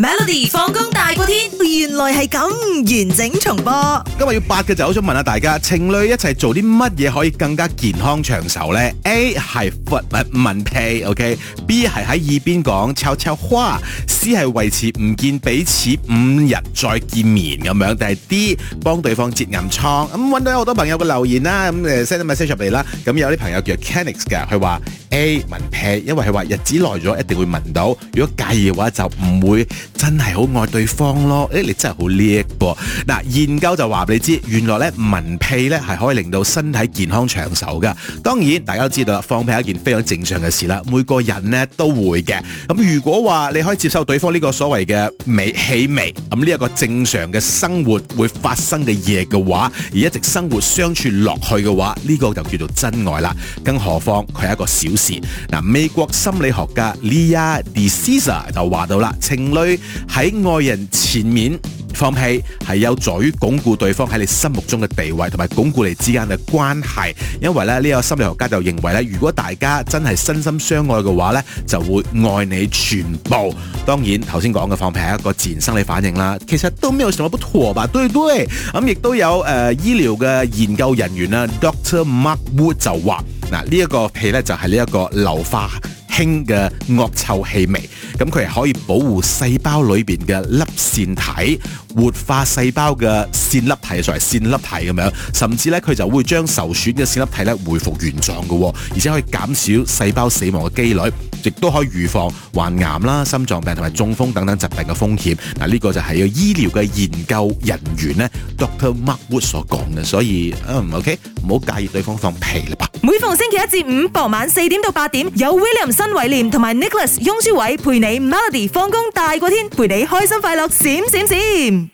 Melody 放工大過天，原來係咁，完整重播。今日要八嘅就，好想問下大家，情侶一齊做啲乜嘢可以更加健康長壽呢？a 係伏聞屁，OK？B 係喺耳邊講悄悄話，C 係維持唔見彼此五日再見面咁樣，但係 D 幫對方接暗瘡。咁、嗯、搵到好多朋友嘅留言啦，咁誒 send message 上嚟啦。咁、啊、有啲朋友叫 Kenneth 嘅，佢話 A 聞屁，因為佢話日子耐咗一定會聞到，如果介意嘅話就唔會。真係好愛對方咯！誒，你真係好叻噃！嗱，研究就話俾你知，原來咧聞屁咧係可以令到身體健康長壽噶。當然，大家都知道啦，放屁係一件非常正常嘅事啦。每個人呢都會嘅。咁如果話你可以接受對方呢個所謂嘅美氣味，咁呢一個正常嘅生活會發生嘅嘢嘅話，而一直生活相處落去嘅話，呢個就叫做真愛啦。更何況佢係一個小事。嗱，美國心理學家 Lea DeCesar 就話到啦，情侶。喺愛人前面放屁係有助於鞏固對方喺你心目中嘅地位，同埋鞏固你之間嘅關係。因為咧，呢個心理學家就認為咧，如果大家真係身心相愛嘅話呢就會愛你全部。當然，頭先講嘅放屁係一個自然生理反應啦。其實都冇什麼不妥吧？對對，對，咁亦都有誒、呃，醫療嘅研究人員啦，Doctor Mark Wood 就話：嗱，呢一個屁呢，就係呢一個硫化氫嘅惡臭氣味。咁佢係可以保護細胞裏面嘅粒線體，活化細胞嘅線粒體，所謂線粒體咁樣，甚至咧佢就會將受損嘅線粒體咧回復原狀嘅，而且可以減少細胞死亡嘅機率，亦都可以預防患癌啦、心臟病同埋中風等等疾病嘅風險。嗱，呢個就係要醫療嘅研究人員呢 Doctor Mark Wood 所講嘅，所以嗯 OK，唔好介意對方放屁啦。每逢星期一至五傍晚四點到八點，有 William 新偉廉同埋 Nicholas 翁舒偉陪你。你 Melody 放工大過天，陪你開心快樂閃閃閃。